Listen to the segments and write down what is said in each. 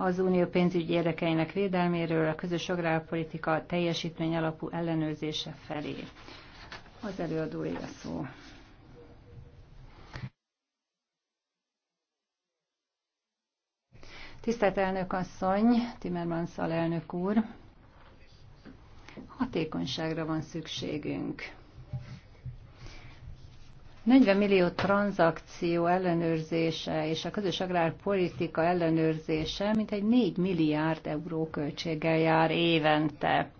az unió pénzügyi érdekeinek védelméről a közös agrárpolitika teljesítmény alapú ellenőrzése felé. Az előadója szó. Tisztelt elnök asszony, Timmermans alelnök úr! Hatékonyságra van szükségünk. 40 millió tranzakció ellenőrzése és a közös agrárpolitika ellenőrzése mintegy 4 milliárd euró költséggel jár évente.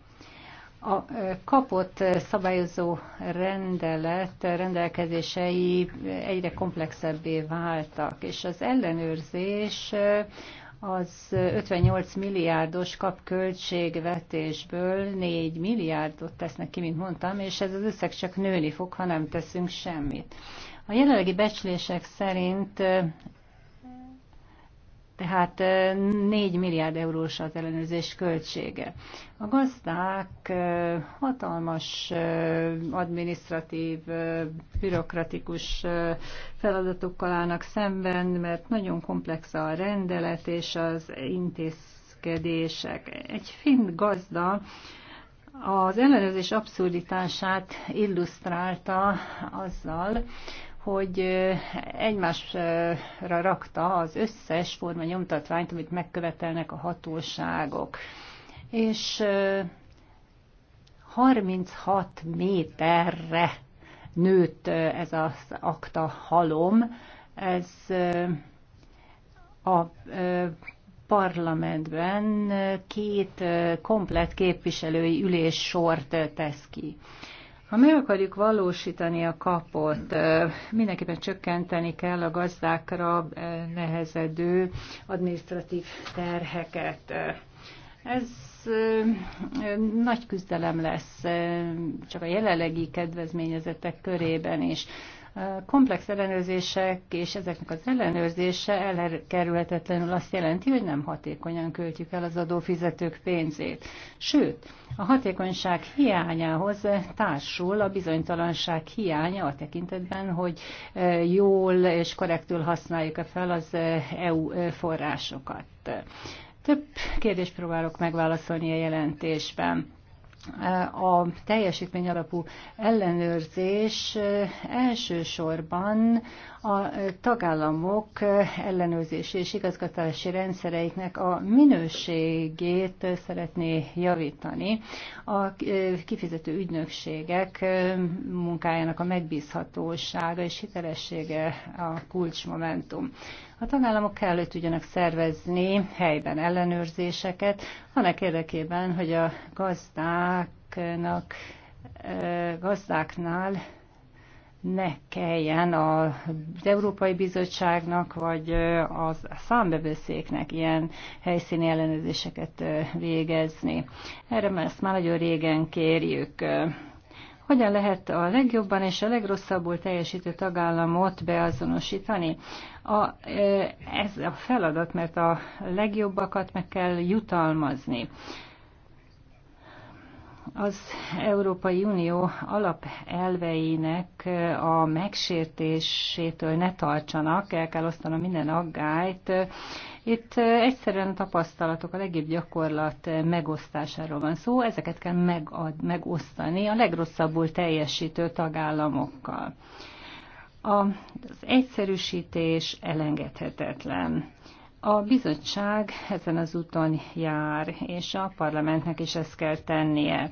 A kapott szabályozó rendelet rendelkezései egyre komplexebbé váltak, és az ellenőrzés az 58 milliárdos kap költségvetésből 4 milliárdot tesznek ki, mint mondtam, és ez az összeg csak nőni fog, ha nem teszünk semmit. A jelenlegi becslések szerint tehát 4 milliárd eurós az ellenőrzés költsége. A gazdák hatalmas administratív, bürokratikus feladatokkal állnak szemben, mert nagyon komplex a rendelet és az intézkedések. Egy finn gazda az ellenőrzés abszurditását illusztrálta azzal, hogy egymásra rakta az összes forma nyomtatványt, amit megkövetelnek a hatóságok. És 36 méterre nőtt ez az akta halom. Ez a parlamentben két komplet képviselői sort tesz ki. Ha meg akarjuk valósítani a kapot, mindenképpen csökkenteni kell a gazdákra nehezedő administratív terheket. Ez nagy küzdelem lesz, csak a jelenlegi kedvezményezettek körében is komplex ellenőrzések és ezeknek az ellenőrzése elkerülhetetlenül azt jelenti, hogy nem hatékonyan költjük el az adófizetők pénzét. Sőt, a hatékonyság hiányához társul a bizonytalanság hiánya a tekintetben, hogy e, jól és korrektül használjuk-e fel az e, EU e, forrásokat. Több kérdést próbálok megválaszolni a jelentésben a teljesítmény alapú ellenőrzés eh, elsősorban a tagállamok ellenőrzési és igazgatási rendszereiknek a minőségét szeretné javítani a kifizető ügynökségek munkájának a megbízhatósága és hitelessége a kulcsmomentum. A tagállamok kellő tudjanak szervezni helyben ellenőrzéseket, annak érdekében, hogy a gazdáknak, gazdáknál ne kelljen az Európai Bizottságnak vagy a számbevőszéknek ilyen helyszíni ellenőrzéseket végezni. Erre már ezt már nagyon régen kérjük. Hogyan lehet a legjobban és a legrosszabbul teljesítő tagállamot beazonosítani? A, ez a feladat, mert a legjobbakat meg kell jutalmazni az Európai Unió alapelveinek a megsértésétől ne tartsanak, el kell osztanom minden aggályt. Itt egyszerűen a tapasztalatok, a legjobb gyakorlat megosztásáról van szó, ezeket kell megad, megosztani a legrosszabbul teljesítő tagállamokkal. Az egyszerűsítés elengedhetetlen a bizottság ezen az úton jár, és a parlamentnek is ezt kell tennie.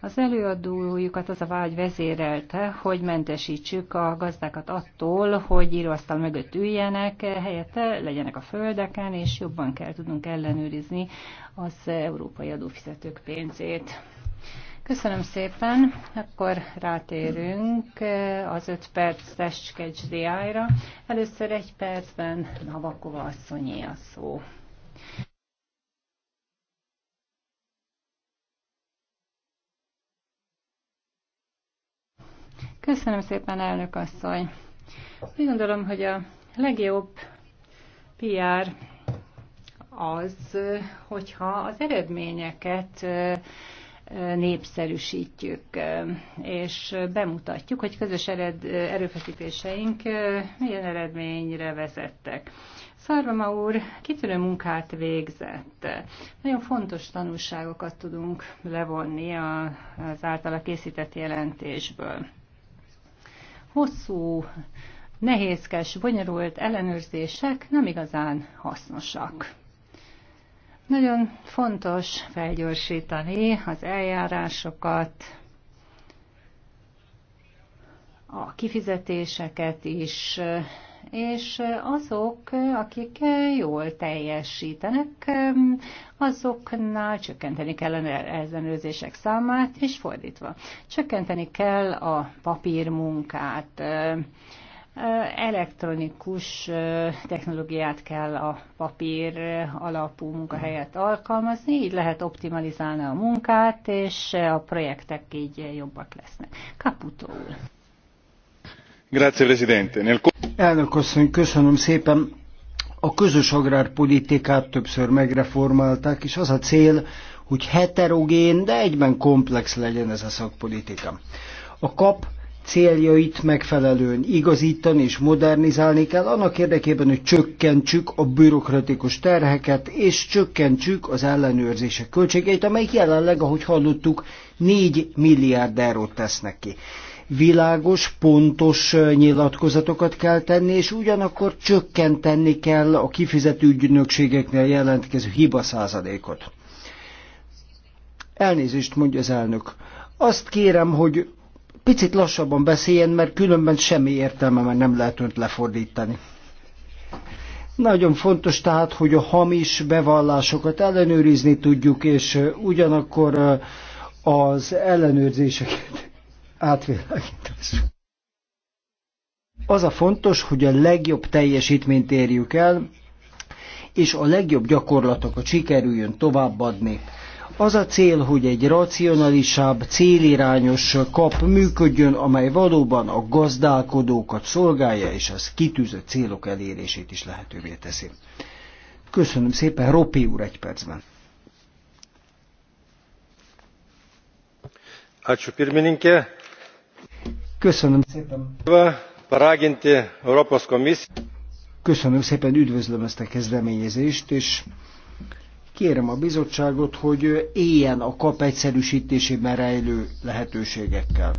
Az előadójukat az a vágy vezérelte, hogy mentesítsük a gazdákat attól, hogy íróasztal mögött üljenek, helyette legyenek a földeken, és jobban kell tudnunk ellenőrizni az európai adófizetők pénzét. Köszönöm szépen. Akkor rátérünk eh, az öt perces kecsdiájra. Először egy percben Navakova asszonyé a szó. Köszönöm szépen, elnök asszony. Úgy gondolom, hogy a legjobb PR az, eh, hogyha az eredményeket eh, népszerűsítjük, és bemutatjuk, hogy közös ered, erőfeszítéseink milyen eredményre vezettek. Szarvama úr kitűnő munkát végzett. Nagyon fontos tanulságokat tudunk levonni az általa készített jelentésből. Hosszú, nehézkes, bonyolult ellenőrzések nem igazán hasznosak. Nagyon fontos felgyorsítani az eljárásokat, a kifizetéseket is, és azok, akik jól teljesítenek, azoknál csökkenteni az ellenőrzések számát, és fordítva. Csökkenteni kell a papírmunkát, elektronikus technológiát kell a papír alapú munkahelyet alkalmazni, így lehet optimalizálni a munkát, és a projektek így jobbak lesznek. Caputo úr. Grazie, Presidente. Nel... Elnök asszony, köszönöm szépen. A közös agrárpolitikát többször megreformálták, és az a cél, hogy heterogén, de egyben komplex legyen ez a szakpolitika. A kap céljait megfelelően igazítani és modernizálni kell, annak érdekében, hogy csökkentsük a bürokratikus terheket, és csökkentsük az ellenőrzések költségeit, amelyik jelenleg, ahogy hallottuk, 4 milliárd eurót tesznek ki. Világos, pontos nyilatkozatokat kell tenni, és ugyanakkor csökkenteni kell a kifizető ügynökségeknél jelentkező hiba százalékot. Elnézést mondja az elnök. Azt kérem, hogy picit lassabban beszéljen, mert különben semmi értelme, mert nem lehet önt lefordítani. Nagyon fontos tehát, hogy a hamis bevallásokat ellenőrizni tudjuk, és ugyanakkor az ellenőrzéseket átvilágítassuk. Az a fontos, hogy a legjobb teljesítményt érjük el, és a legjobb gyakorlatokat sikerüljön továbbadni az a cél, hogy egy racionálisabb, célirányos kap működjön, amely valóban a gazdálkodókat szolgálja, és az kitűzött célok elérését is lehetővé teszi. Köszönöm szépen, Ropi úr egy percben. Ačiū pirmininkė. Köszönöm szépen. Paraginti Europos Komisiją. Köszönöm szépen, üdvözlöm ezt a kezdeményezést, és Kérem a bizottságot, hogy éljen a kap egyszerűsítésében rejlő lehetőségekkel.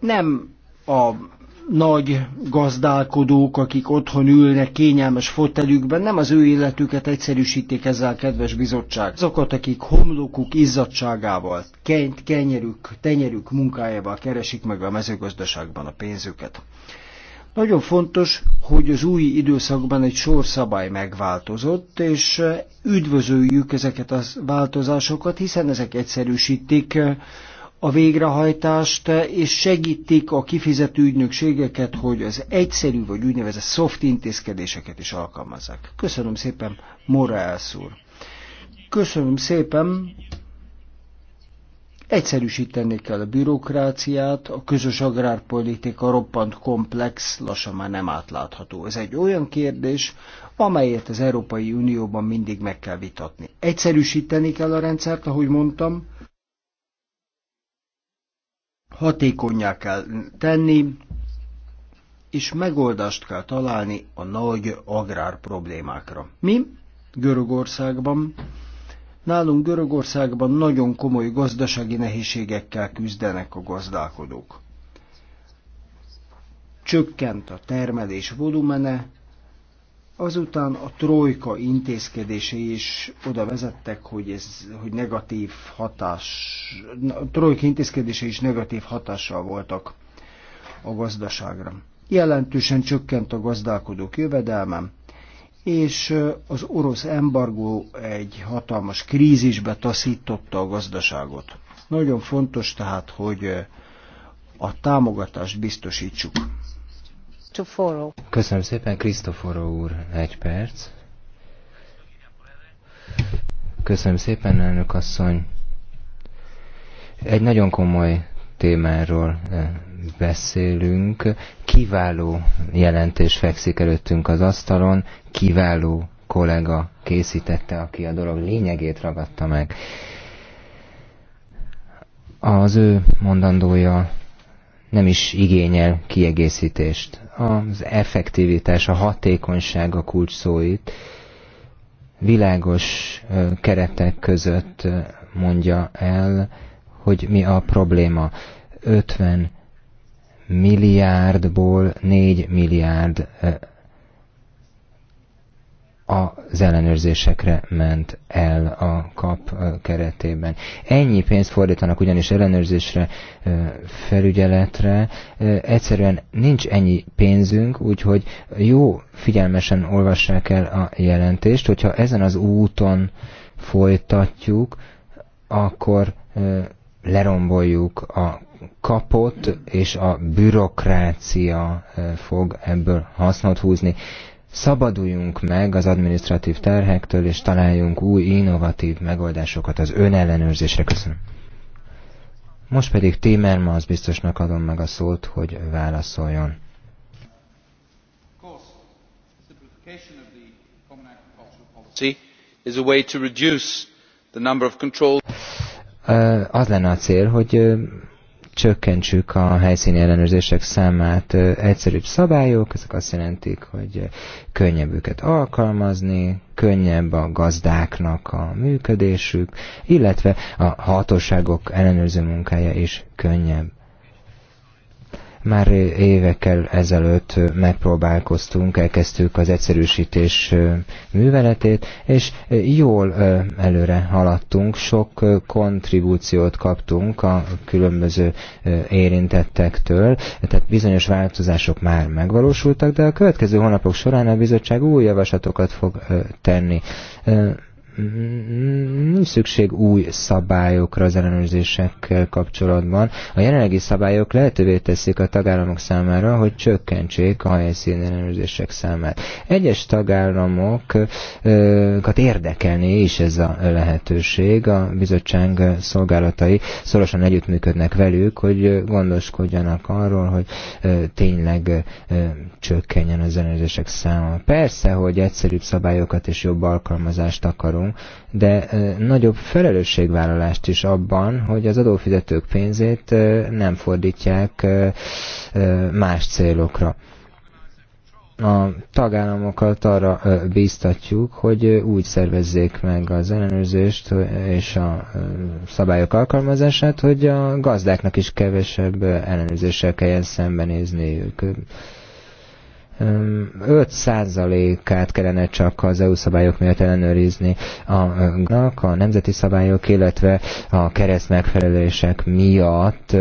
Nem a nagy gazdálkodók, akik otthon ülnek kényelmes fotelükben, nem az ő életüket egyszerűsítik ezzel, kedves bizottság. Azokat, akik homlokuk izzadságával, kenyerük, tenyerük munkájával keresik meg a mezőgazdaságban a pénzüket. Nagyon fontos, hogy az új időszakban egy sor szabály megváltozott, és eh, üdvözöljük ezeket a változásokat, hiszen ezek egyszerűsítik eh, a végrehajtást, eh, és segítik a kifizető ügynökségeket, hogy az egyszerű vagy úgynevezett soft intézkedéseket is alkalmazzák. Köszönöm szépen, Morales úr! Köszönöm szépen, Egyszerűsíteni kell a bürokráciát, a közös agrárpolitika roppant komplex, lassan már nem átlátható. Ez egy olyan kérdés, amelyet az Európai Unióban mindig meg kell vitatni. Egyszerűsíteni kell a rendszert, ahogy mondtam, hatékonyá kell tenni, és megoldást kell találni a nagy agrár problémákra. Mi Görögországban Nálunk Görögországban nagyon komoly gazdasági nehézségekkel küzdenek a gazdálkodók. Csökkent a termelés volumene, azután a trojka intézkedései is oda vezettek, hogy, ez, hogy negatív hatás, a trojka intézkedései is negatív hatással voltak a gazdaságra. Jelentősen csökkent a gazdálkodók jövedelmem, és az orosz embargó egy hatalmas krízisbe taszította a gazdaságot. Nagyon fontos tehát, hogy a támogatást biztosítsuk. Köszönöm szépen, Krisztoforó úr, egy perc. Köszönöm szépen, elnök asszony. Egy nagyon komoly témáról eh, beszélünk. Kiváló jelentés fekszik előttünk az asztalon, kiváló kollega készítette, aki a dolog lényegét ragadta meg. Az ő mondandója nem is igényel kiegészítést. Az effektivitás, a hatékonyság a kulcs szóit világos eh, keretek között eh, mondja el, hogy mi a probléma. 50 milliárdból 4 milliárd eh, az ellenőrzésekre ment el a kap eh, keretében. Ennyi pénzt fordítanak ugyanis ellenőrzésre, eh, felügyeletre. Egyszerűen nincs ennyi pénzünk, úgyhogy jó figyelmesen olvassák el a jelentést, hogyha ezen az úton folytatjuk, akkor leromboljuk a kapot, és a bürokrácia eh, fog ebből hasznot húzni. Szabaduljunk meg az administratív terhektől, és találjunk új, innovatív megoldásokat az önellenőrzésre. Köszönöm. Most pedig az biztosnak adom meg a szót, hogy válaszoljon. is a way to reduce the number of controls az lenne a cél, hogy csökkentsük a helyszíni ellenőrzések számát, egyszerűbb szabályok, ezek azt jelentik, hogy könnyebb őket alkalmazni, könnyebb a gazdáknak a működésük, illetve a hatóságok ellenőrző munkája is könnyebb. Már évekkel ezelőtt megpróbálkoztunk, elkezdtük az egyszerűsítés műveletét, és jól előre haladtunk, sok kontribúciót kaptunk a különböző érintettektől, tehát bizonyos változások már megvalósultak, de a következő hónapok során a bizottság új javaslatokat fog tenni. Mm, szükség új szabályokra az ellenőrzésekkel kapcsolatban. A jelenlegi szabályok lehetővé teszik a tagállamok számára, hogy csökkentsék a helyszín ellenőrzések számát. Egyes tagállamokat érdekelné is ez a lehetőség. A bizottság szolgálatai szorosan együttműködnek velük, hogy gondoskodjanak arról, hogy tényleg csökkenjen az ellenőrzések száma. Persze, hogy egyszerűbb szabályokat és jobb alkalmazást akarunk, de nagyobb felelősségvállalást is abban, hogy az adófizetők pénzét nem fordítják más célokra a tagállamokat arra bíztatjuk, hogy úgy szervezzék meg az ellenőrzést és a szabályok alkalmazását, hogy a gazdáknak is kevesebb ellenőrzéssel kelljen szembenézniük. 5%-át kellene csak az EU szabályok miatt ellenőrizni a, a nemzeti szabályok, illetve a kereszt megfelelések miatt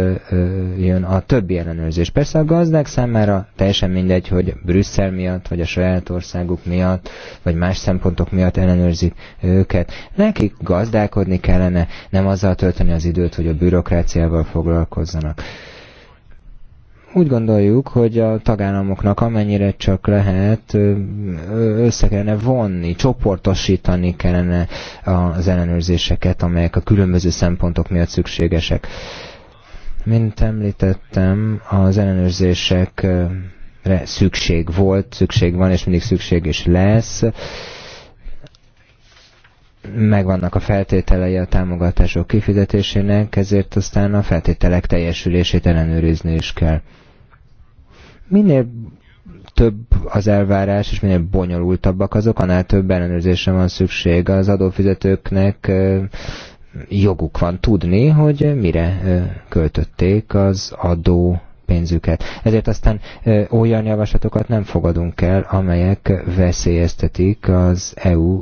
jön a többi ellenőrzés. Persze a gazdák számára teljesen mindegy, hogy Brüsszel miatt, vagy a saját országuk miatt, vagy más szempontok miatt ellenőrzik őket. Nekik gazdálkodni kellene, nem azzal tölteni az időt, hogy a bürokráciával foglalkozzanak. Úgy gondoljuk, hogy a tagállamoknak amennyire csak lehet össze kellene vonni, csoportosítani kellene az ellenőrzéseket, amelyek a különböző szempontok miatt szükségesek. Mint említettem, az ellenőrzésekre szükség volt, szükség van, és mindig szükség is lesz megvannak a feltételei a támogatások kifizetésének, ezért aztán a feltételek teljesülését ellenőrizni is kell. Minél több az elvárás, és minél bonyolultabbak azok, annál több ellenőrzésre van szükség. Az adófizetőknek joguk van tudni, hogy mire költötték az adó pénzüket. Ezért aztán olyan javaslatokat nem fogadunk el, amelyek veszélyeztetik az EU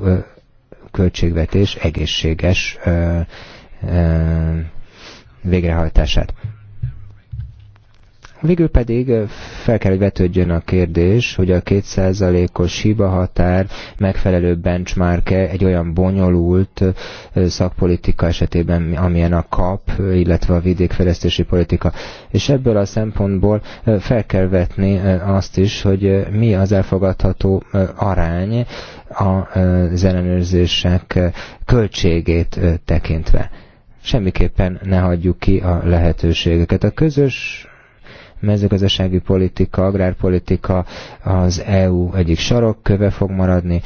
költségvetés egészséges végrehajtását. Végül pedig fel kell, hogy vetődjön a kérdés, hogy a kétszázalékos hiba határ megfelelő benchmark -e egy olyan bonyolult szakpolitika esetében, amilyen a KAP, illetve a vidékfejlesztési politika. És ebből a szempontból fel kell vetni azt is, hogy mi az elfogadható arány a zenenőrzések költségét tekintve. Semmiképpen ne hagyjuk ki a lehetőségeket. A közös mezőgazdasági politika, agrárpolitika az EU egyik sarokköve fog maradni,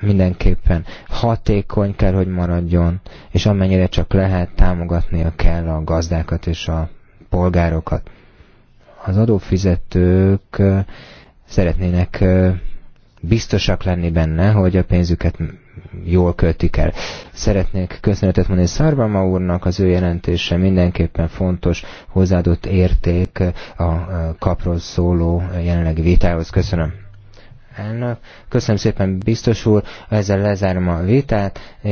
mindenképpen hatékony kell, hogy maradjon, és amennyire csak lehet, támogatnia kell a gazdákat és a polgárokat. Az adófizetők szeretnének biztosak lenni benne, hogy a pénzüket jól költik el. Szeretnék köszönetet mondani Szarvama úrnak, az ő jelentése mindenképpen fontos hozzáadott érték a kapról szóló jelenlegi vitához. Köszönöm. Elnök. Köszönöm szépen, biztos úr, ezzel lezárom a vitát, és